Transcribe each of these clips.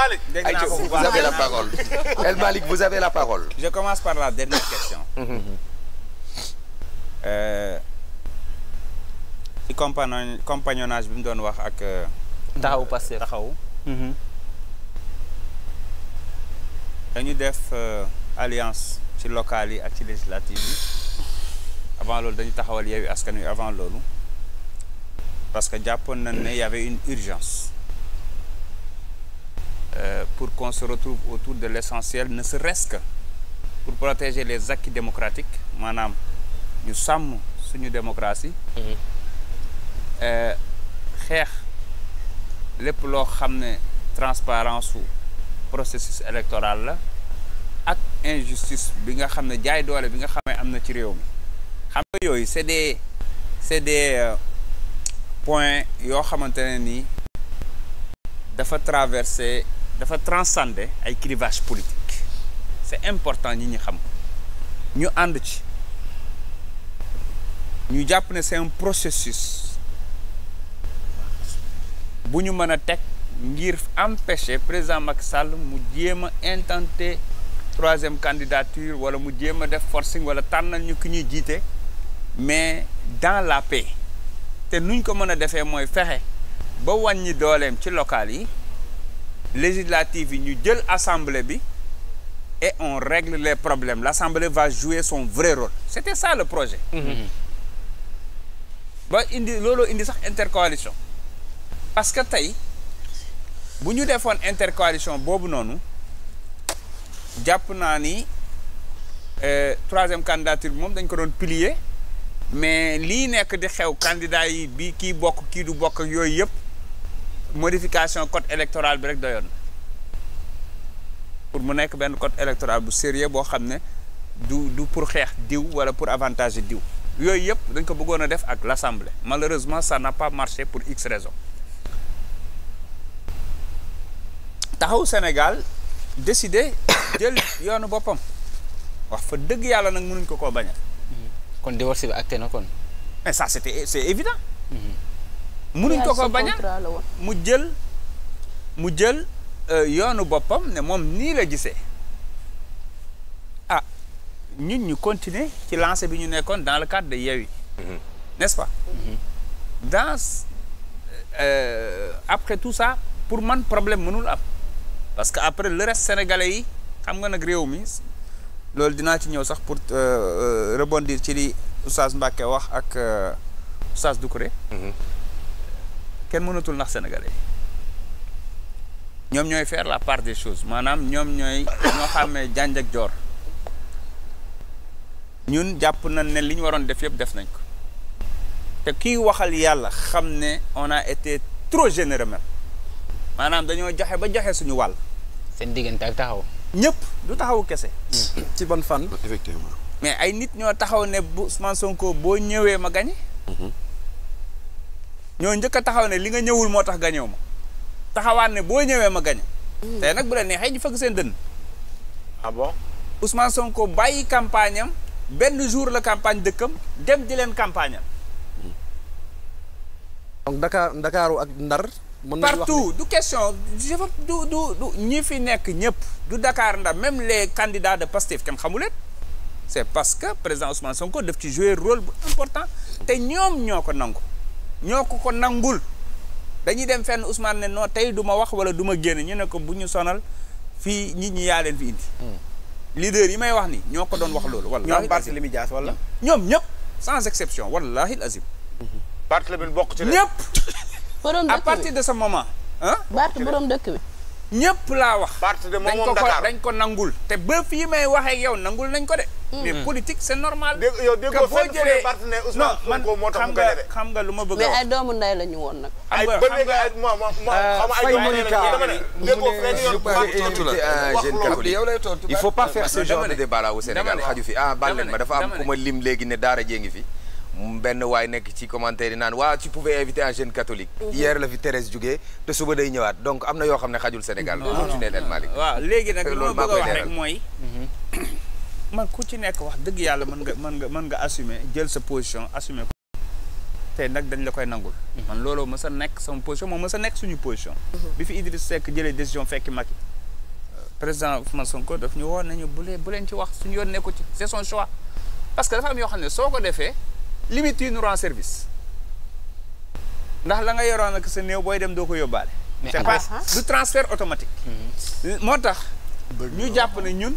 Malick vous avez la parole El Malick vous la parole je commence par la dernière question ci mhm. euh, compagnon bi mu doon wax ak taxaw passé taxaw dañu def euh, alliance ci locales yi ak ci législatives yi avant loolu dañu taxawal Yewwi Askan Wi avant loolu parce que jàppoon nañ ne y une urgence Euh, pour qu'on se retrouve autour de l'essentiel ne serait-ce pour protéger les acquis démocratiques maanaam ñu sàmm suñu démocratie mhm. euh, xeex lépp loo xam ne transparence u processus électoral la ak injustice bi nga xam ne jaay doole bi nga xam ne am na ci réew mi xam nga yooyu c'est des c'est des euh, yoo xamante ne nii dafa traverser dafa transcender ay clivage politique c'est important ñi ñi xam ñu ànd ci ñu jàpp ne c'est processus bu ñu mën a teg ngir empêcher président Macky Sall mu jéem a intenter troisième candidature wala mu jéem a def forcing wala tànnal ñu ki ñuy jiite mais dans la paix te nuñ ko mën a defee mooy fexe ba wàññi dooleem ci local yi législative yi ñu jël assemblée bi et on règle les problèmes l'assemblée va jouer son vrai rôle c'était ça le projet mm-hmm. ba indi looloo indi sax intercoalition parce que tey bu ñu defoon intercoalition boobu noonu jàpp naa ni euh, troisième candidature bi moom dañ ko doon plier mais lii nekk di xew candidat yi bi kii bokk kii du bokk yooyu yëpp modification code électoral bi rek doyoon pour mu nekk benn code électoral bu sérieux boo xam ne du du pour xeex diw wala pour avantage diw yooyu yëpp dañ ko bëggoon a def ak l'assemblée malheureusement ça n'a pas marché pour x raisons taxaw Sénégal décidé jël yoonu boppam wax fa dëgg yàlla nag mënuñ ko koo bañal hmm. kon divorce bi acté na kon mais ça c'était c'est évident mënuñ ko ko bañal mu jël mu jël euh, yoonu boppam ne moom nii la gisee ah ñun ñu continuer ci lancé bi ñu nekkoon dans le cadre de Yewwi mhm. n'est-ce pas mhm. dans euh, après tout ça pour man problème mënul am parce que après le reste sénégalais yi xam nga nag réew mi loolu dinaa ci ñëw sax pour euh, rebondir ci li Oustaz Mbacké wax ak Oustaz Doucouré mhm. kenn mënatul nax sénégalais ñoom ñooy fair la part de choses maanaam ñoom ñooy ñoo xàmmee janj joor ñun jàpp nañ ne li ñu waroon def yëpp def nañ ko te kiy waxal yàlla xam ne on a été trop généreux même maanaam dañoo joxe ba joxe suñu wàll. seen diggante ak taxaw. ñëpp du taxawu kese. Mm. ci ban fan. effectivement. mais ay nit ñoo taxaw ne bu Ousmane boo ñëwee ma gañe ñoo njëkk a taxaw ne li nga ñëwul moo tax gañew ma ne boo ñëwee ma gañe mm. tey nag bu la neexee ñu fëgg seen dënn ah bon Ousmane Sonko bàyyi campagne am benn jour la campagne dëkkam dem ji leen campagne am donc Dakar Ndakaaru ak Ndar mën partout du question je du du ñi fi nekk ñëpp du Dakar Ndar même les candidats de Pastef kenn xamu leen c'est parce que président Ousmane Sonko daf ci jouer rôle bu important te ñoom ñoo ko nangu ñoo ko ko nangul dañuy dem fenn Ousmane ne non tey du ma wax wala duma ma génn ñu ne ko bu ñu sonal fii ñi ñi yaa leen fi indi. Hmm. leader yi may wax ni ñoo ko doon wax loolu. wallaahi ñoom Barthélémy Dias wala. ñoom ñëpp sans exception wallaahi azim. Hmm. Barthélémy bokk ci ñëpp. borom dëkk bi à partir de sa moment. ah Bart borom dëkk bi. ñëpp laa wax. Bart de moom moom Dakar dañ ko dañ ko nangul. te ba yi may waxee ak yow nangul nañ ko de. Mm-hmm. mais politique c' est normal. yow déggoo fenn fu ne moo tax mu xam nga lu ma bëgg a wax mais ay doomu ndey la woon nag. ay ba léegi ay moom moom euh, xam ay doomu ndey la ñu dama ne. déggoo fenn yoon loolu. fi ah leen ma dafa am léegi ne daara jee ngi fi. benn waay nekk ci commentaire yi naan waa tu pouvais inviter un jeune mm-hmm. suba day ñëwaat donc am na yoo xam ne xajul Sénégal. non mm-hmm. mooy. man ku ci nekk wax dëgg yàlla mën nga mën nga mën nga assumer jël sa position assumé ko tey nag dañ la koy nangul mhm. man looloo mës a nekk sama position moo mës a nekk suñu position mhm. bi fi Idriss Seck jëlee décision fekki Macky euh, président Ousmane Sonko daf ñu woon nañu bu leen bu leen ci wax suñu yoon nekku ci c'est son choix parce que dafa am yoo xam ne soo ko defee limite yi ñu rend service ndax la nga yoroon ak sa néew booy dem doo ko yóbbaale c'est pas du transfert automatique mhm. moo tax ñu jàpp ne ñun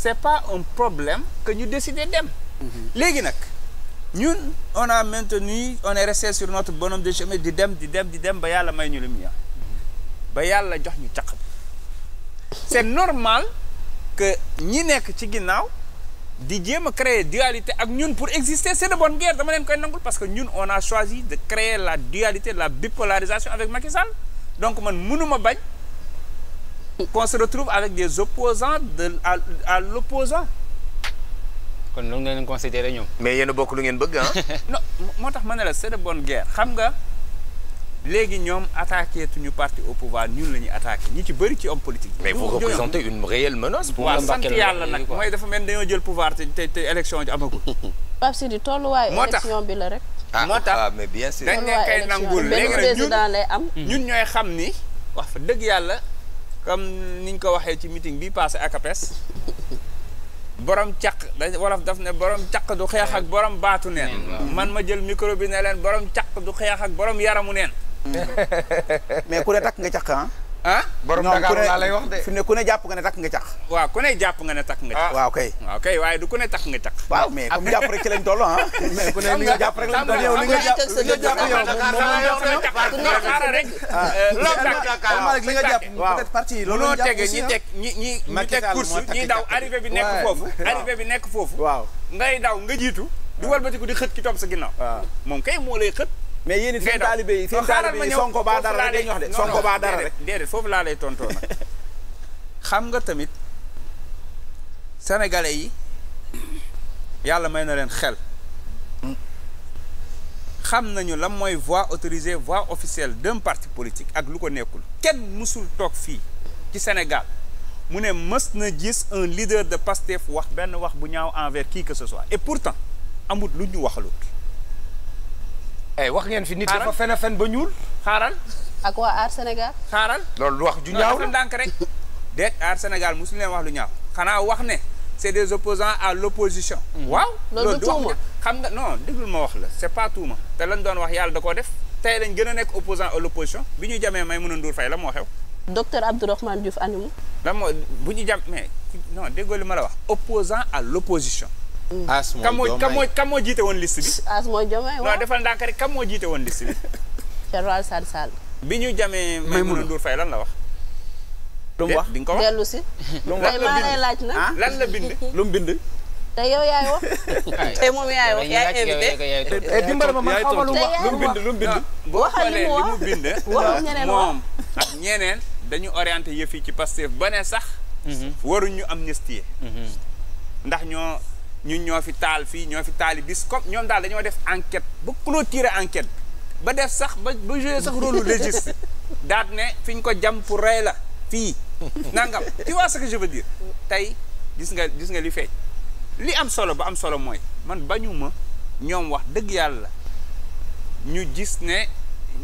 c'est pas un problème que ñu décider dem. Mhm. léegi nag ñun on a maintenu on est resté sur notre bonhomme de chemin di dem di dem di dem ba yàlla may ñu lu mu mhm. ba yàlla jox ñu caq bi c'est normal que ñi nekk ci ginnaaw di jéem a créer dualité ak ñun pour exister c'est de bonne guerre dama leen koy nangul parce que ñun on a choisi de créer la dualité la bipolarisation avec Macky Sall donc man mënuma bañ. qu'on se retrouve avec des opposants de à, à l'opposant kon loolu nga leen ñoom. mais yéen bokk lu ngeen bëgg ah. non moo tax ma ne la c'est de xam nga léegi ñoom attaqué tuñu parti au pouvoir ñun la ñuy attaqué ñu ci bëri ci homme politique. mais vous représentez une réelle menace. pour la sant yàlla nag mooy dafa mel ni dañoo jël pouvoir te te te élection ji amagul. Pape tolluwaayu. moo tax élection bi la rek. ah ah mais bien sûr. dañ ne kay nangul léegi nag ñun ñooy xam ni wax fa dëgg yàlla. comme niñ ko waxee ci meeting bi passé ak APES borom caq da wolof daf ne borom caq du xeex ak borom baatu neen man ma jël micro bi ne leen borom caq du xeex ak boroom yaramu neen mais ku ne takk nga caq ah ah borom Dakar laa lay wax de fi ne ku ne jàpp nga ne takk nga cax waaw ku ne jàpp nga ne takk nga cax ah. waaw kay waaw kay waaye du ku ne takk nga cax waaw mais comme jàpp rek ci ah. ku ne li nga jàpp rek lañ nga jàpp nga jàpp tege ñi ah. teg ñi ñi ñi teg course bi nekk foofu arrivé bi nekk foofu ngay daw nga jiitu di walbatiku di xët ki topp sa ginnaaw moom kay moo lay xët mais yéen it seen taalibe yi seen taalibe yi sonko baa dara rek dañuy wax de sonko baa dara rek déedéet foofu laa lay tontoo nag xam nga tamit sénégalais yi yàlla may na leen xel xam nañu lan mooy voix autorisée voix officielle d'un parti politique ak lu ko nekkul kenn mësul toog fii ci Sénégal mu ne mës na gis un leader de fu wax benn wax bu ñaaw envers qui que ce soit et pourtant amut lu ñu waxalut eh wax ngeen fi nit dafa fen a fen ba ñuul. xaaral. ak waa Aar Sénégal. xaaral loolu wax ju ñaaw la ndànk rek. de Aar Sénégal mosuñu leen wax lu ñaaw xanaa wax ne c'est des opposants à l'opposition. Mhm. waaw loolu du tuuma xam nga non déglul ma wax la c'est pas tuuma te lañ doon wax yàlla da koo def tey lañ gën a nekk opposant à l'opposition bi ñu jamee may mën a nduur fay la moo xew. docteur Abdourahmane Diouf animu. lan moo bu ñu jam mais non déggoo li ma la wax opposant à l'opposition. Mm. as mooy kam moo kam moo kam moo jiite woon liste bi. as mooy Diomaye waaw non defal ndànk kam moo jiite woon liste bi. Thierno Alassane Sall. bi ñu jamee. Maimouna Ndour Faye lan la wax. lu mu wax di nga ko wax si. lu mu wax laaj na ah, lan la bind lu bind. te yow yaay wax. tey moom yaay wax yaay invité. Eh, dimbale man xaw ma lu mu bind lu mu bind. boo xoolee li mu bind. waxul ñeneen moom ñeneen. dañu orienté yëf yi ci Pastef ba ne sax. Mhm. waruñ ñu amnistier. Mhm. ndax ñoo. ñun ñoo fi taal fii ñoo fi taali bis comme ñoom daal dañoo def enquête ba clôturer enquete ba def sax ba ba jouer sax rôle légiste daat ne fi ñu ko jam pour rey la fii nangam tu vois ce dire tey gis nga gis nga li feeñ li am solo ba am solo mooy man bañu ma ñoom wax dëgg yàlla ñu gis ne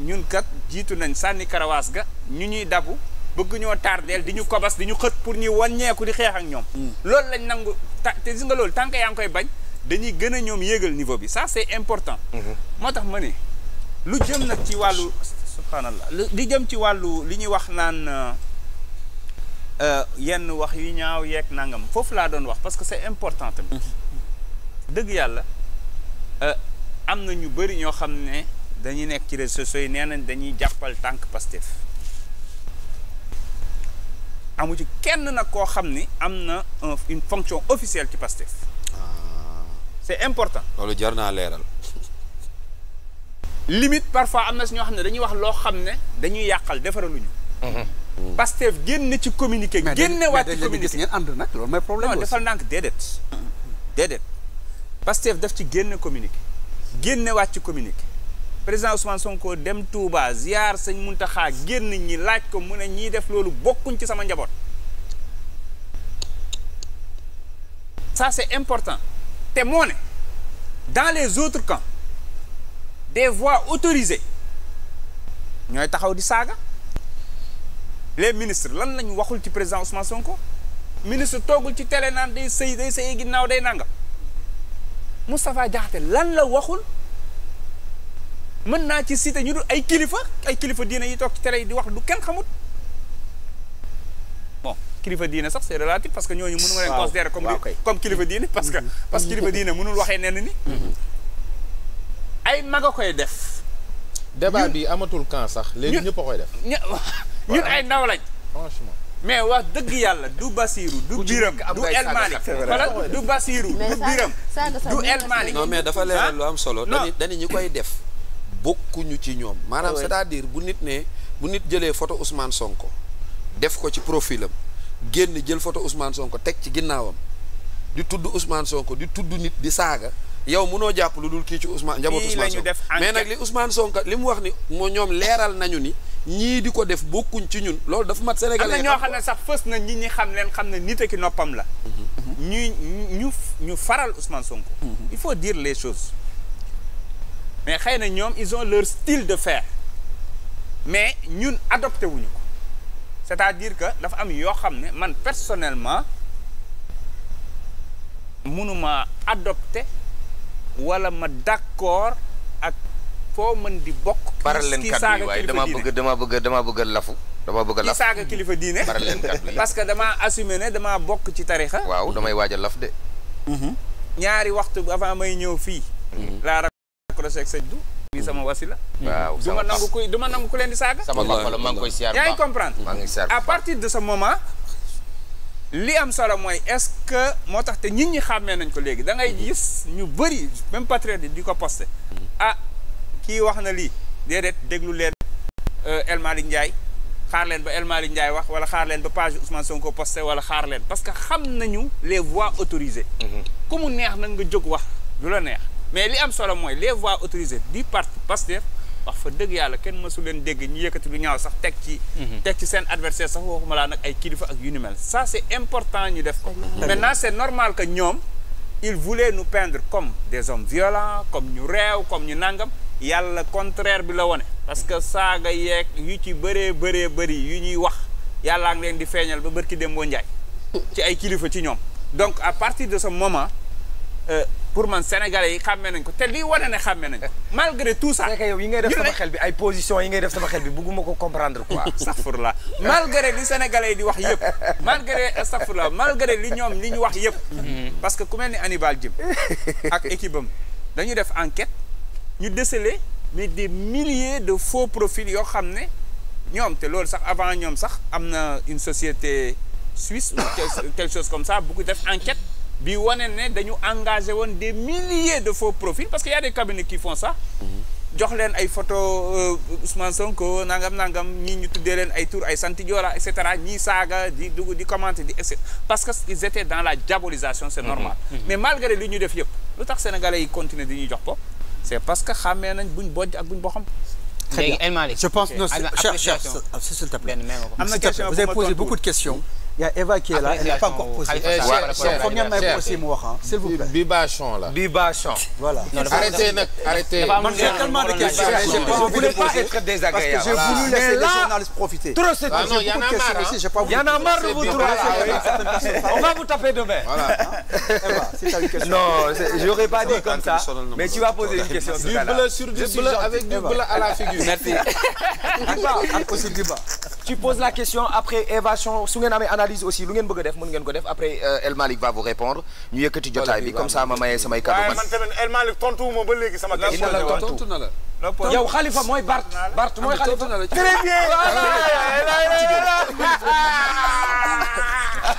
ñun kat jiitu nañ sànni karawaas ga ñu ñuy dabu bëgg ñoo tardeel di ñu kobas di ñu xët pour ñu wàññeeku di xeex ak ñoom mm. loolu lañ nangu te gis nga loolu tànk que yaa ngi koy bañ dañuy gën a ñoom yéegal niveau bi ça c'est important. Mhm. moo tax ma ne lu jëm nag ci wàllu subhanallah lu jëm ci wàllu li ñuy wax naan euh, euh, yenn wax yu ñaaw yeeg nangam foofu laa doon wax parce que c'est important tamit. Mhm. dëgg yàlla euh, am na ñu bari ñoo xam ne dañuy nekk ci réseaux sociaux yi nee nañ dañuy jàppal tànk Pastef. amu ci kenn nag koo xam ni am na une fonction officielle ci Pastef ah. c'est important loolu jar naa leeral limite parfois am na si ñoo xam ne dañuy wax loo xam ne dañuy yàqal defaraluñu mhm. mm. Pastef génn ci communiqué génne waat ci communiqué ngeen ànd nag loolu mooy problème non defal ndànk déedéet mm. déedéet Pastef def ci génn communiqué génne waat ci communiqué président Ousmane Sonko dem Touba ziar sëñ Muntaxa génn ñi laaj ko mu ne ñiy def loolu bokkuñ ci sama njaboot ça c'est important te moo ne dans les autres camps des voix autorisées ñooy taxaw di saaga les ministres lan lañu waxul ci président Ousmane Sonko ministre toogul ci télé naan day sëy day sëy ginnaaw day nangam Moustapha Diakhaté lan la waxul mën naa ci cité ñu dul ay kilifa ay kilifa diine yi toog ci télé yi di wax du kenn xamut bon kilifa diine sax c'est relatif parce que ñooñu mënu ma leen considérer comme comme kilifa diine que mm-hmm. parce que kilifa diine mënul waxee nenn ni mm-hmm. ay mag a koy def débat bi amatul camp sax léegi ñëpp a koy def ñun ay ndaw mais wax dëgg yàlla du Basiru du Biram du El Malick du Basiru du Biram du El Malick mais dafa leeral ah? lu am solo dañu dañu ñu koy def ñu ci ñoom maanaam cest à bu nit ne bu nit jëlee photo Ousmane Sonko def ko ci profilam génn jël photo Ousmane Sonko teg ci ginnaawam di tudd Ousmane Sonko di tudd nit di saaga yow munoo jàpp lu dul kii ci Ousmane njaboot Ousmane Sonko mais nag li Ousmane Sonko li mu wax ni moo ñoom leeral nañu ni ñii di ko def bokkuñ ci ñun loolu dafa mat sénégalais am na ñoo xam ne sax fës na ñi ñi xam leen xam ne nit ki noppam la mhm. ñuy ñu ñu faral Ousmane Sonko mhm. il faut dire les choses mais xëy na ñoom ils ont leur style de faire mais ñun adopté wuñu ko c'est-à-dire que dafa am yoo xam ne man personnellement mënuma adopté wala ma d'accord ak foo man di bokk. baral leen kat bi waaye dama bëgg dama bëgg dama bëgg lafu. dama bëgg a laf ki saaga kilifa diine leen parce que damaa assumé ne damaa bokk ci tarixa waaw damay waaj a laf de. Mhm. ñaari waxtu avant may ñëw fii. Mhm. accroché ak sëñ du lii sama wasila la mm-hmm. du ma nangu kuy du ma nangu ko leen di saaga sama man la maa ngi koy siyaar yaa ngi comprendre partir de sa moment li am solo mooy est moo tax te nit ñi xàmmee nañ ko léegi dangay ngay mm-hmm. ñu bëri même patriote yi di ko posté mm-hmm. ah kii wax na lii déedéet déglu leen euh, El Malick Ndiaye xaar leen ba El Malick Ndiaye wax wala xaar leen ba page Ousmane Sonko posté wala xaar leen parce que xam nañu le voies autorisées ku mu neex na nga jóg wax du la neex mais li am solo mooy les voix autorisées du parti Pastef wax fa dëgg yàlla kenn mësu leen dégg ñu yëkkati lu ñaaw sax teg ci. Mhm. teg ci seen adversaire sax waxuma laa nag ay kilifa ak yu ni mel ça c' est important ñu def ko. maintenant c' est normal que ñoom ils voulaient nu peindre comme des hommes violents comme ñu reew comme ñu nangam yàlla contraire bi la wone parce que saa nga yeeg yu ci bëree bëree bëri yu ñuy wax yàllaa ngi leen di feeñal ba bërki dem boo njaay ci ay kilifa ci ñoom donc de ce moment. Euh, pour man sénégalais yi xàmmee nañ ko te lii wane ne xàmmee nañ ko malgré tout ça. yow yi ngay def sama xel bi ay position yi ngay def sama xel bi bugguma ko comprendre quoi. astafurlah malgré li sénégalais yi di wax yëpp. malgré astafurlah malgré li ñoom li ñu wax yëpp. parce que ku mel ni Hannibal Djim ak équipe am dañu def enquête ñu déceler mais des milliers de faux profils yoo xam ne ñoom te loolu sax avant ñoom sax am na une société suisse ou quelque chose comme ça bu ko def enquête. bi wane ne dañu engagé woon des milliers de faux profils parce que y a des cabinets qui font ça. Mhm. jox leen ay photo euh, Ousmane Sonko nangam nangam ñii ñu tudde leen ay tur ay sant Joola et cetera ñii saaga di dugg di commenter di et parce que ils étaient dans la diabolisation c'est mhm. normal. Mhm. mais malgré li ñu def yëpp lu tax sénégalais y continuer di ñu jox ko. c'est parce que xame nañ buñ bojj ak buñ boxam. très bien je pense non s'il te plaît am na question vous avez y' a Eva qui est là elle n'a pas encore posé. foog ngeen may posé mu wax ah. s'il vous plaît Bibachon là. Bibachon. voilà arrêtez nag arrêtez. man j'ai tellement de questions. je ne voulais pas être désagréable. parce que j'ai voulu laisser les journalistes profiter. trop c'est ah trop j'ai beaucoup de questions aussi j'ai pas voulu. y en a marre de vous trois. on va vous taper demain. voilà Eva si tu as une question. non ah, j'aurais pas dit comme ça mais tu vas poser une question. du bleu sur du bleu avec du bleu à la figure. merci. Diba ak aussi Diba. tu poses la question après évasion su ngeen amee analyse aussi lu ngeen bëgg def mën ngeen ko def après euh, El Malick va vous répondre ñu yëkkati jotaay bi comme ça ma mayee samay kàddu man. El Malick tontu wu ba léegi sama. tontu na la tontu na la. yow xalifa mooy Bart Bart mooy xalifa. très bien.